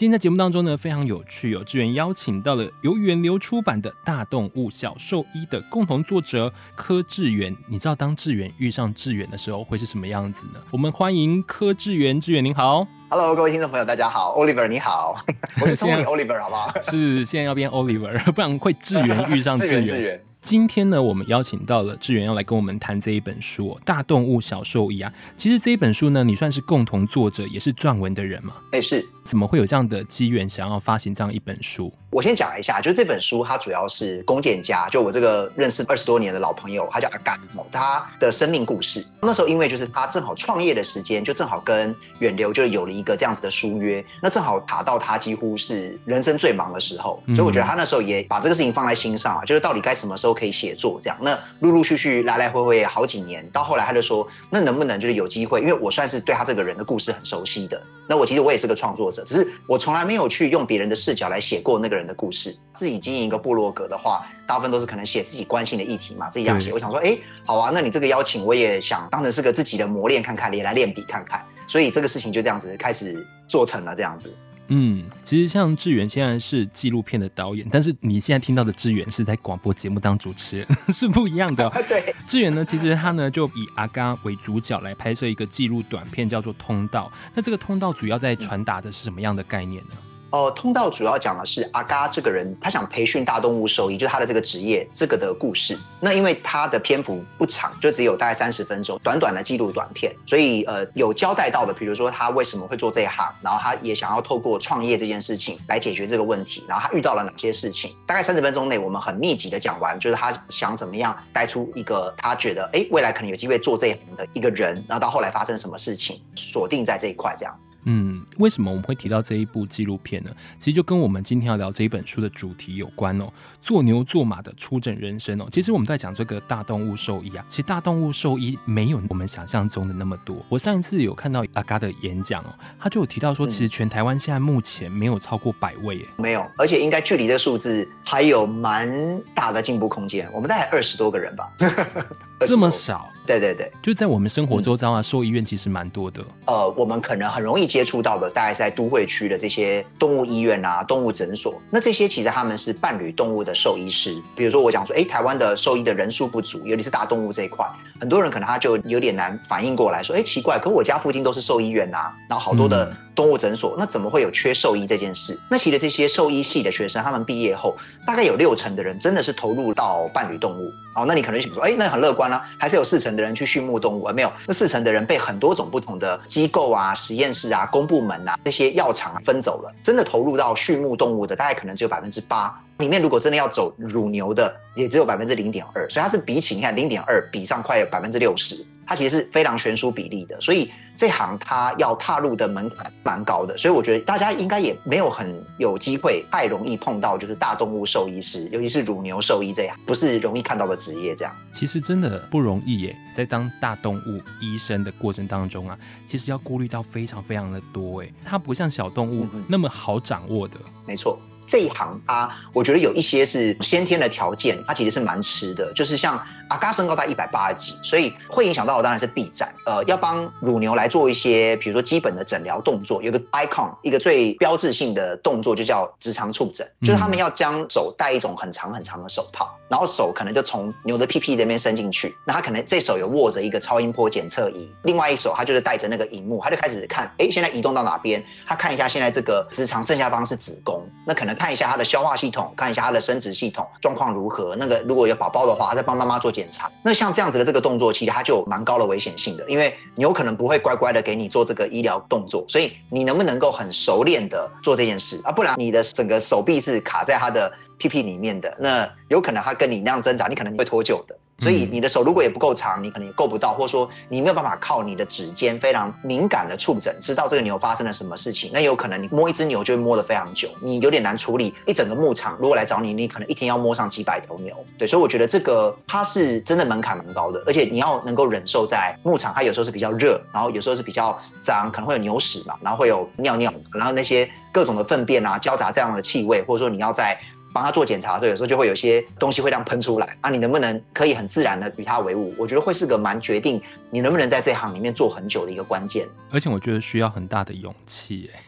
今天在節目當中呢，非常有趣、哦，有智元邀請到了由遠流出版的《大動物小獸醫》的共同作者柯智元。你知道當智元遇上智元的時候會是什麼樣子呢？我們歡迎柯智元，智元你好，Hello，各位聽眾朋友，大家好，Oliver 你好， 我就稱你 Oliver 好不好？ 是，現在要變 Oliver，不然會智元遇上智元。 今天呢，我們邀請到了智元要來跟我們談這一本書，哦，《大動物小獸醫》啊。其實這一本書呢，你算是共同作者，也是撰文的人嘛。哎，欸、是。怎麼會有這樣的機緣，想要發行這樣一本書？我先講一下，就是這本書它主要是龔建嘉，就我這個認識二十多年的老朋友，他叫阿甘，他的生命故事。那時候因為就是他正好創業的時間，就正好跟遠流就有了一個這樣子的書約，那正好卡到他幾乎是人生最忙的時候，所以我覺得他那時候也把這個事情放在心上啊，就是到底該什麼時候可以寫作這樣。那陸陸續續來來回回好幾年，到後來他就說，那能不能就是有機會？因為我算是對他這個人的故事很熟悉的，那我其實我也是個創作者，只是我從來沒有去用別人的視角來寫過那個人。人的故事，自己經營一個部落格的話，大部分都是可能寫自己關心的議題嘛，自己這樣寫。對我想說，哎，好啊，那你這個邀請，我也想當成是個自己的磨練，看看，也來練筆看看。所以這個事情就這樣子開始做成了，這樣子。嗯，其實像智元現在是紀錄片的導演，但是你現在聽到的智元是在廣播節目當主持人，是不一樣的哦。 對，智元呢，其實他呢就以阿嘎為主角來拍攝一個紀錄短片，叫做《通道》。那這個通道主要在傳達的是什麼樣的概念呢？嗯呃，通道主要講的是阿嘎這個人，他想培訓大動物獸醫，就是他的這個職業這個的故事。那因為他的篇幅不長，就只有大概三十分鐘，短短的記錄短片，所以呃，有交代到的，比如說他為什麼會做這一行，然後他也想要透過創業這件事情來解決這個問題，然後他遇到了哪些事情。大概三十分鐘內，我們很密集的講完，就是他想怎麼樣帶出一個他覺得哎，未來可能有機會做這一行的一個人，然後到後來發生什麼事情，鎖定在這一塊這樣。嗯，為什麼我們會提到這一部紀錄片呢？其實就跟我們今天要聊這一本書的主題有關哦。做牛做馬的出診人生哦，其實我們在講這個大動物獸醫啊，其實大動物獸醫沒有我們想象中的那麼多。我上一次有看到阿嘎的演講哦，他就有提到說，其實全台灣現在目前沒有超過百位耶，沒有，而且應該距離這數字還有蠻大的進步空間。我們大概二十多個人吧。 這麼少？對對對，就在我們生活周遭啊，嗯、獸醫院其實蠻多的。呃，我們可能很容易接觸到的，大概是在都會區的這些動物醫院啊、動物診所。那這些其實他們是伴侶動物的獸醫師。比如說我講說，哎，台灣的獸醫的人數不足，尤其是大動物這一塊。很多人可能他就有點難反應過來，說，哎、欸，奇怪，可我家附近都是獸醫院吶、啊，然後好多的動物診所，嗯、那怎麼會有缺獸醫這件事？那其實這些獸醫系的學生，他們畢業後大概有六成的人真的是投入到伴侶動物，哦，那你可能想說，哎、欸，那很樂觀啊。還是有四成的人去畜牧動物，而沒有，那四成的人被很多種不同的機構啊、實驗室啊、公部門啊、這些藥廠分走了，真的投入到畜牧動物的大概可能只有百分之八。裡面如果真的要走乳牛的，也只有百分之零點二，所以它是比起你看零點二比上快有百分之六十，它其實是非常懸殊比例的，所以這行它要踏入的門檻蠻高的，所以我覺得大家應該也沒有很有機會太容易碰到，就是大動物獸醫師，尤其是乳牛獸醫這樣，不是容易看到的職業這樣。其實真的不容易耶，在當大動物醫生的過程當中啊，其實要顧慮到非常非常的多哎，它不像小動物那麼好掌握的。嗯嗯沒錯。這一行，它我覺得有一些是先天的條件，它其實是蠻吃的，就是像阿嘎身高達一百八十幾，所以會影響到的，當然是臂展。呃，要幫乳牛來做一些，比如說基本的診療動作，有個 icon，一個最標誌性的動作就叫直腸觸診，就是他們要將手戴一種很長很長的手套，然後手可能就從牛的屁屁的那邊伸進去，那他可能這手有握着一個超音波檢測儀，另外一手他就是帶着那個熒幕，他就開始看，哎、欸，現在移動到哪邊？他看一下現在這個直腸正下方是子宮，那可能。看一下他的消化系統，看一下他的生殖系統狀況如何。那個如果有寶寶的話，再幫媽媽做檢查。那像這樣子的這個動作，其實他就有蠻高的危險性的，因為你有可能不會乖乖的給你做這個醫療動作，所以你能不能夠很熟練的做這件事啊？不然你的整個手臂是卡在他的屁屁裡面的，那有可能他跟你那樣掙扎，你可能會脫臼的。所以你的手如果也不夠長，你可能也夠不到，或者說你沒有辦法靠你的指尖非常敏感的觸診，知道這個牛發生了什麼事情，那有可能你摸一只牛就會摸得非常久，你有點難處理，一整個牧場如果來找你，你可能一天要摸上幾百頭牛。對，所以我覺得這個它是真的門檻蠻高的，而且你要能夠忍受在牧場，它有時候是比較熱，然後有時候是比較髒，可能會有牛屎嘛，然後會有尿尿，然後那些各種的糞便啊交雜這樣的氣味，或者說你要在。幫他做檢查，所以有時候就會有些東西會這樣噴出來。啊，你能不能可以很自然地與他為伍？我覺得會是個蠻決定你能不能在這行裡面做很久的一個關鍵。而且我覺得需要很大的勇氣哎，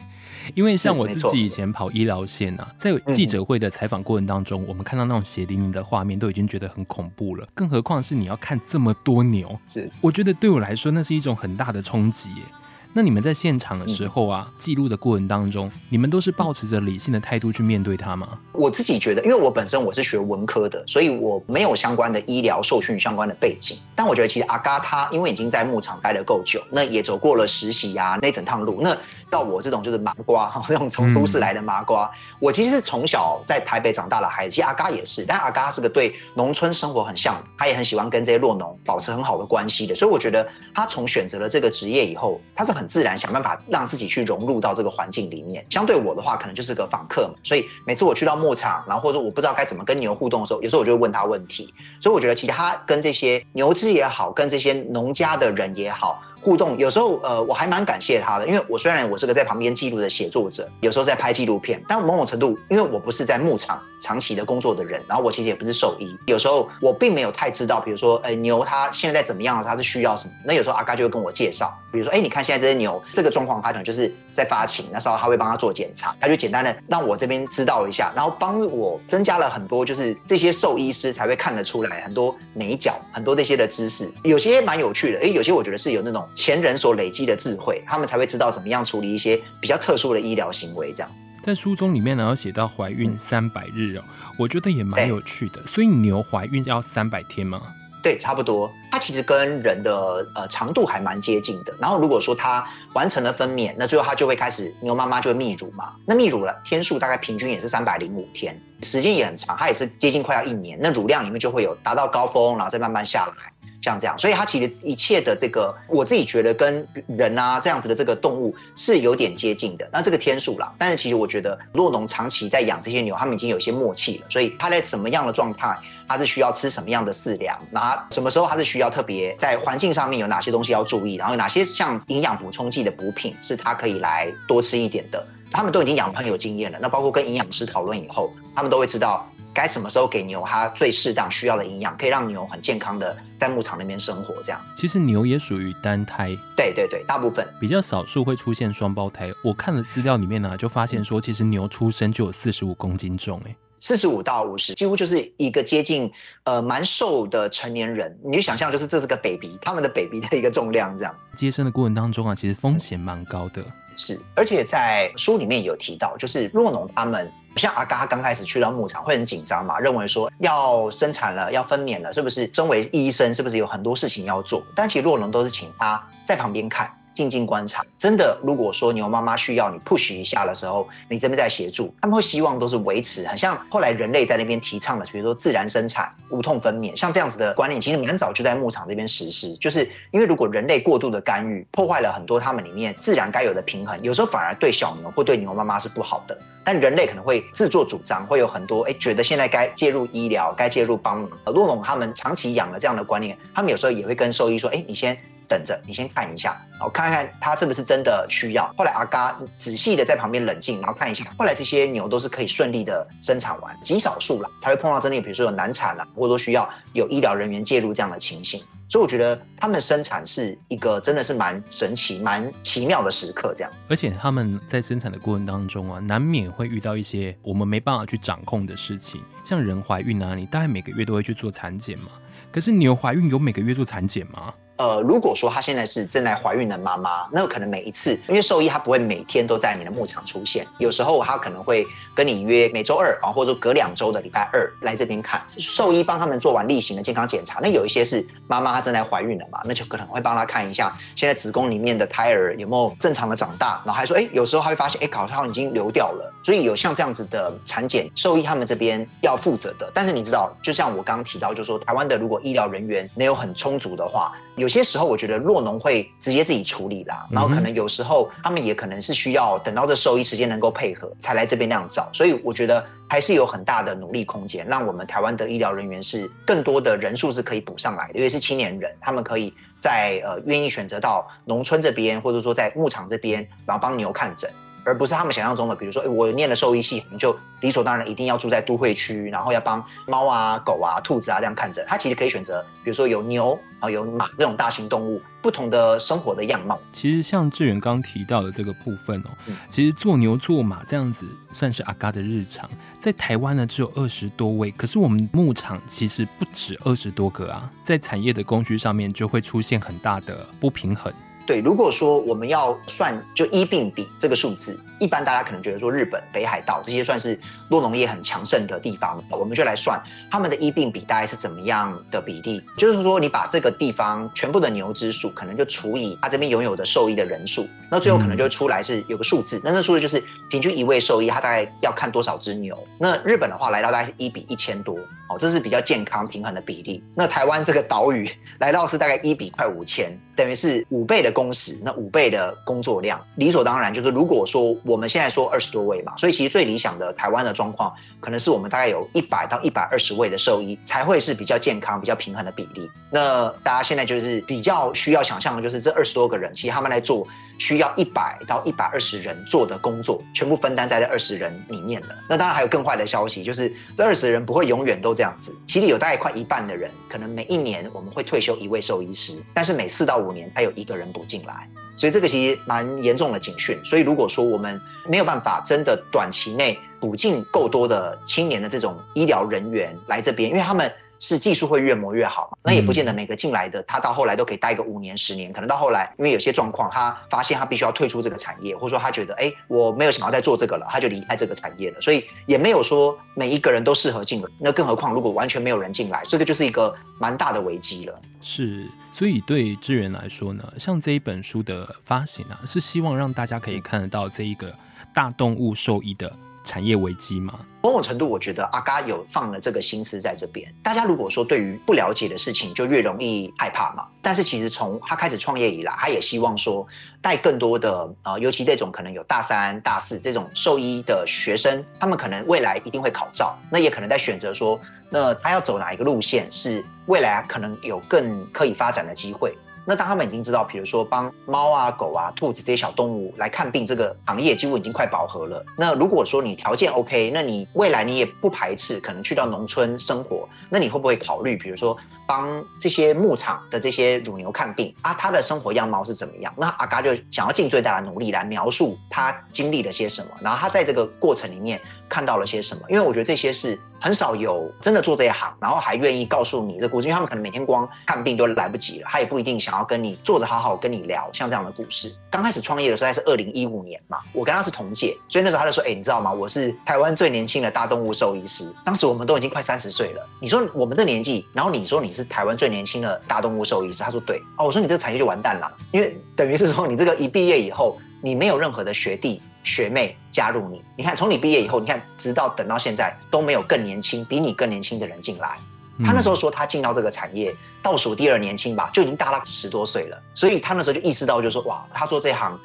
因為像我自己以前跑醫療線啊，在記者會的採訪過程當中，嗯、哼我們看到那種血淋淋的畫面都已經覺得很恐怖了，更何況是你要看這麼多牛。是，我覺得對我來說那是一種很大的衝擊哎。那你們在現場的時候啊，記錄的過程當中，你們都是抱持着理性的態度去面對他嗎？我自己覺得，因為我本身我是學文科的，所以我沒有相關的醫療受訓相關的背景。但我覺得，其實阿嘎他因為已經在牧場待得夠久，那也走過了實習呀，啊，那整趟路，那……到我這種就是麻瓜，那種從都市來的麻瓜，嗯、我其實是從小在台北長大的孩子，其實阿嘎也是，但阿嘎他是個對農村生活很嚮往的，他也很喜歡跟這些酪農保持很好的關係的，所以我覺得他從選擇了這個職業以後，他是很自然想辦法讓自己去融入到這個環境裡面。相對我的話，可能就是個訪客嘛，所以每次我去到牧場，然後或者說我不知道該怎麼跟牛互動的時候，有時候我就會問他問題，所以我覺得其實他跟這些牛隻也好，跟這些農家的人也好。互動有時候，呃，我還蠻感謝他的，因為我雖然我是個在旁邊記錄的寫作者，有時候在拍紀錄片，但某種程度，因為我不是在牧場長期的工作的人，然後我其實也不是獸醫，有時候我並沒有太知道，比如說，呃，牛它現在怎麼樣，它是需要什麼？那有時候阿嘎就會跟我介紹，比如說，哎，你看現在這些牛這個狀況，他可能就是在發情，那時候他會幫他做檢查，他就簡單的讓我這邊知道一下，然後幫我增加了很多，就是這些獸醫師才會看得出來很多眉角，很多這些的知識，有些蠻有趣的，誒，有些我覺得是有那種。前人所累積的智慧，他們才會知道怎麼樣處理一些比較特殊的醫療行為。這樣，在書中裡面呢，有寫到懷孕三百日哦，嗯，我覺得也蠻有趣的。對所以你牛懷孕要三百天嗎？對，差不多。它其實跟人的呃長度還蠻接近的。然後如果說它完成了分娩，那最後它就會開始牛媽媽就會泌乳嘛。那泌乳了天數大概平均也是三百零五天，時間也很長，它也是接近快要一年。那乳量裡面就會有達到高峰，然後再慢慢下來。像這樣，所以它其實一切的這個，我自己覺得跟人啊這樣子的這個動物是有點接近的。那這個天數啦，但是其實我覺得，酪農長期在養這些牛，他們已經有一些默契了。所以他在什麼樣的狀態，他是需要吃什麼樣的飼糧，那什麼時候他是需要特別在環境上面有哪些東西要注意，然後有哪些像營養補充劑的補品是他可以來多吃一點的，他們都已經養得很有經驗了。那包括跟營養師討論以後，他們都會知道。該什麼時候給牛它最適當需要的營養，可以讓牛很健康的在牧場那邊生活。這樣，其實牛也屬於單胎。對對對，大部分比較少數會出現雙胞胎。我看的資料裡面呢、啊，就發現說，其實牛出生就有四十五公斤重、欸，四十五到五十，幾乎就是一個接近呃蠻瘦的成年人。你就想象，就是這是個 baby，他們的 baby 的一個重量這樣。接生的過程當中啊，其實風險蠻高的、嗯。是，而且在書裡面有提到，就是酪農他們。像阿嘎剛開始去到牧場會很緊張嘛，認為說要生產了，要分娩了，是不是？身為醫生是不是有很多事情要做？但其實洛龍都是請他在旁邊看。靜靜觀察，真的，如果說牛媽媽需要你 push 一下的時候，你這邊在協助，他們會希望都是維持，很像後來人類在那邊提倡的，比如說自然生產、無痛分娩，像這樣子的觀念，其實蠻早就在牧場這邊實施，就是因為如果人類過度的干預，破壞了很多他們裡面自然該有的平衡，有時候反而對小牛或對牛媽媽是不好的。但人類可能會自作主張，會有很多誒，覺得現在該介入醫療，該介入幫忙。而酪農他們長期養了這樣的觀念，他們有時候也會跟獸醫說，哎，你先。等着你先看一下，然後看看他是不是真的需要。後來阿嘎仔細的在旁邊冷靜，然後看一下。後來這些牛都是可以順利的生產完，極少數了才會碰到真的，比如說有難產了，或者說需要有醫療人員介入這樣的情形。所以我覺得他們生產是一個真的是蠻神奇、蠻奇妙的時刻。這樣，而且他們在生產的過程當中啊，難免會遇到一些我們沒辦法去掌控的事情。像人懷孕啊，你大概每個月都會去做產檢嘛。可是牛懷孕有每個月做產檢嗎？呃，如果說她現在是正在懷孕的媽媽，那可能每一次，因為獸醫他不會每天都在你的牧場出現，有時候他可能會跟你約每周二啊，或者說隔兩週的禮拜二來這邊看，獸醫幫他們做完例行的健康檢查。那有一些是媽媽她正在懷孕了嘛，那就可能會幫她看一下現在子宮裡面的胎兒有沒有正常的長大。然後還說，哎，有時候他會發現，哎，好像已經流掉了。所以有像這樣子的產檢，獸醫他們這邊要負責的。但是你知道，就像我剛剛提到，就是說台灣的如果醫療人員沒有很充足的話，有些時候我覺得若農會直接自己處理啦，然後可能有時候他們也可能是需要等到這獸醫時間能夠配合，才來這邊那樣找，所以我覺得還是有很大的努力空間，讓我們台灣的醫療人員是更多的人數是可以補上來的，因為是青年人，他們可以在呃願意選擇到農村這邊，或者說在牧場這邊，然後幫牛看診。而不是他們想象中的，比如說，欸、我念了獸醫系，你就理所當然一定要住在都會區，然後要幫貓啊、狗啊、兔子啊這樣看着。他其實可以選擇，比如說有牛啊、有馬這種大型動物，不同的生活的樣貌。其實像志遠剛提到的這個部分哦、喔，嗯、其實做牛做馬這樣子算是阿嘎的日常。在台灣呢，只有二十多位，可是我們牧場其實不止二十多個啊，在產業的供需上面就會出現很大的不平衡。對，如果說我們要算，就一併比這個數字。一般大家可能覺得說日本北海道這些算是酪農業很強盛的地方，我們就來算他們的醫病比大概是怎麼樣的比例，就是說你把這個地方全部的牛隻數可能就除以他這邊擁有的獸醫的人數，那最後可能就出來是有個數字，那那數字就是平均一位獸醫他大概要看多少隻牛。那日本的話來到大概是一比一千多，哦，這是比較健康平衡的比例。那台灣這個島嶼來到是大概一比快五千，等於是五倍的工時，那五倍的工作量，理所當然就是如果說我。我們現在說二十多位嘛，所以其實最理想的台灣的狀況，可能是我們大概有一百到一百二十位的獸醫才會是比較健康，比較平衡的比例。那大家現在就是比較需要想象的，就是這二十多個人，其實他們來做。需要一百到一百二十人做的工作，全部分擔在那二十人裡面了。那當然還有更壞的消息，就是這二十人不會永遠都這樣子。其實有大概快一半的人，可能每一年我們會退休一位獸醫師，但是每四到五年還有一個人補進來，所以這個其實蠻嚴重的警訊。所以如果說我們沒有辦法真的短期內補進夠多的青年的這種醫療人員來這邊，因為他們。是技術會越磨越好嘛？那也不見得每個進來的他到後來都可以待個五年十年，可能到後來因為有些狀況，他發現他必須要退出這個產業，或者說他覺得哎，我沒有想要再做這個了，他就離開這個產業了。所以也沒有說每一個人都適合進來，那更何況如果完全沒有人進來，這個就是一個蠻大的危機了。是，所以對智元來說呢，像這一本書的發行啊，是希望讓大家可以看得到這一個大動物獸醫的產業危機嗎？某種程度我覺得阿嘎有放了這個心思在這邊。大家如果說對於不了解的事情，就越容易害怕嘛。但是其實從他開始創業以來，他也希望說帶更多的啊、呃，尤其這種可能有大三、大四這種獸醫的學生，他們可能未來一定會考照，那也可能在選擇說，那他要走哪一個路線是未來可能有更可以發展的機會。那當他們已經知道，比如說幫貓啊、狗啊、兔子這些小動物來看病這個行業，幾乎已經快飽和了。那如果說你條件 OK，那你未來你也不排斥可能去到農村生活，那你會不會考慮，比如說幫這些牧場的這些乳牛看病啊？他的生活樣貌是怎麼樣？那阿嘉就想要盡最大的努力來描述他經歷了些什麼，然後他在這個過程裡面。看到了些什麼？因為我覺得這些是很少有真的做這一行，然後還願意告訴你這故事。因為他們可能每天光看病都來不及了，他也不一定想要跟你坐着好好跟你聊像這樣的故事。剛開始創業的時候還是二零一五年嘛，我跟他是同屆，所以那時候他就說：“誒你知道嗎？我是台灣最年輕的大動物獸醫師。”當時我們都已經快三十歲了。你說我們的年紀，然後你說你是台灣最年輕的大動物獸醫師，他說：“對。”哦，我說你這產業就完蛋了，因為等於是說你這個一畢業以後，你沒有任何的學弟。學妹加入你，你看從你畢業以後，你看直到等到現在都沒有更年輕、比你更年輕的人進來。他那時候說他進到這個產業倒數第二年輕吧，就已經大了十多歲了，所以他那時候就意識到就是，就說哇，他做這行，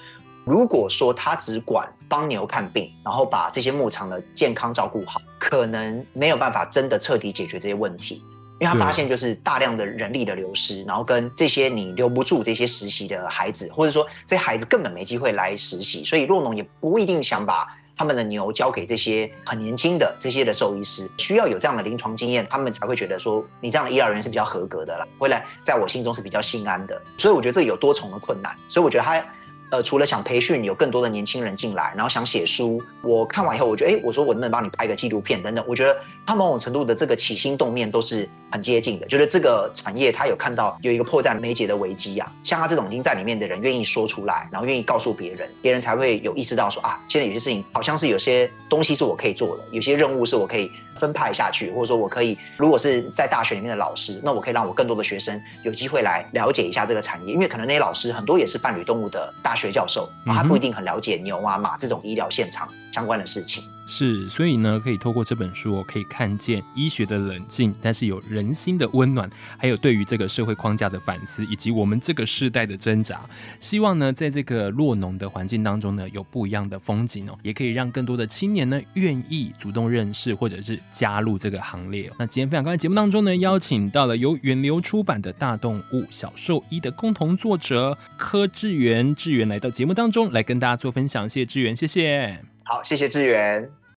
如果說他只管幫牛看病，然後把這些牧場的健康照顧好，可能沒有辦法真的徹底解決這些問題。因為他發現就是大量的人力的流失，嗯、然後跟這些你留不住這些實習的孩子，或者說這些孩子根本沒機會來實習，所以酪農也不一定想把他們的牛交給這些很年輕的這些的獸醫師，需要有這樣的臨床經驗，他們才會覺得說你這樣的醫療人員是比較合格的啦，未來在我心中是比較心安的。所以我覺得這有多重的困難。所以我覺得他呃，除了想培訓有更多的年輕人進來，然後想寫書，我看完以後我，我覺得誒，我說我能不能幫你拍個紀錄片等等，我覺得他某種程度的這個起心動念都是。很接近的，就是這個產業，他有看到有一個迫在眉睫的危機啊。像他這種已經在裡面的人，願意說出來，然後願意告訴別人，別人才會有意識到說啊，現在有些事情好像是有些東西是我可以做的，有些任務是我可以分派下去，或者說我可以，如果是在大學裡面的老師，那我可以讓我更多的學生有機會來了解一下這個產業，因為可能那些老師很多也是伴侶動物的大學教授，然後他不一定很了解牛啊馬這種醫療現場相關的事情。是，所以呢，可以透過這本書，哦，我可以看見醫學的冷靜，但是有人心的溫暖，還有對於這個社會框架的反思，以及我們這個世代的掙扎。希望呢，在這個酪農的環境當中呢，有不一樣的風景哦，也可以讓更多的青年呢，願意主動認識或者是加入這個行列，哦。那今天分享剛才節目當中呢，邀請到了由遠流出版的《大動物小獸醫》的共同作者柯智元，智元來到節目當中來跟大家做分享。謝謝智元，謝謝，好，謝謝智元。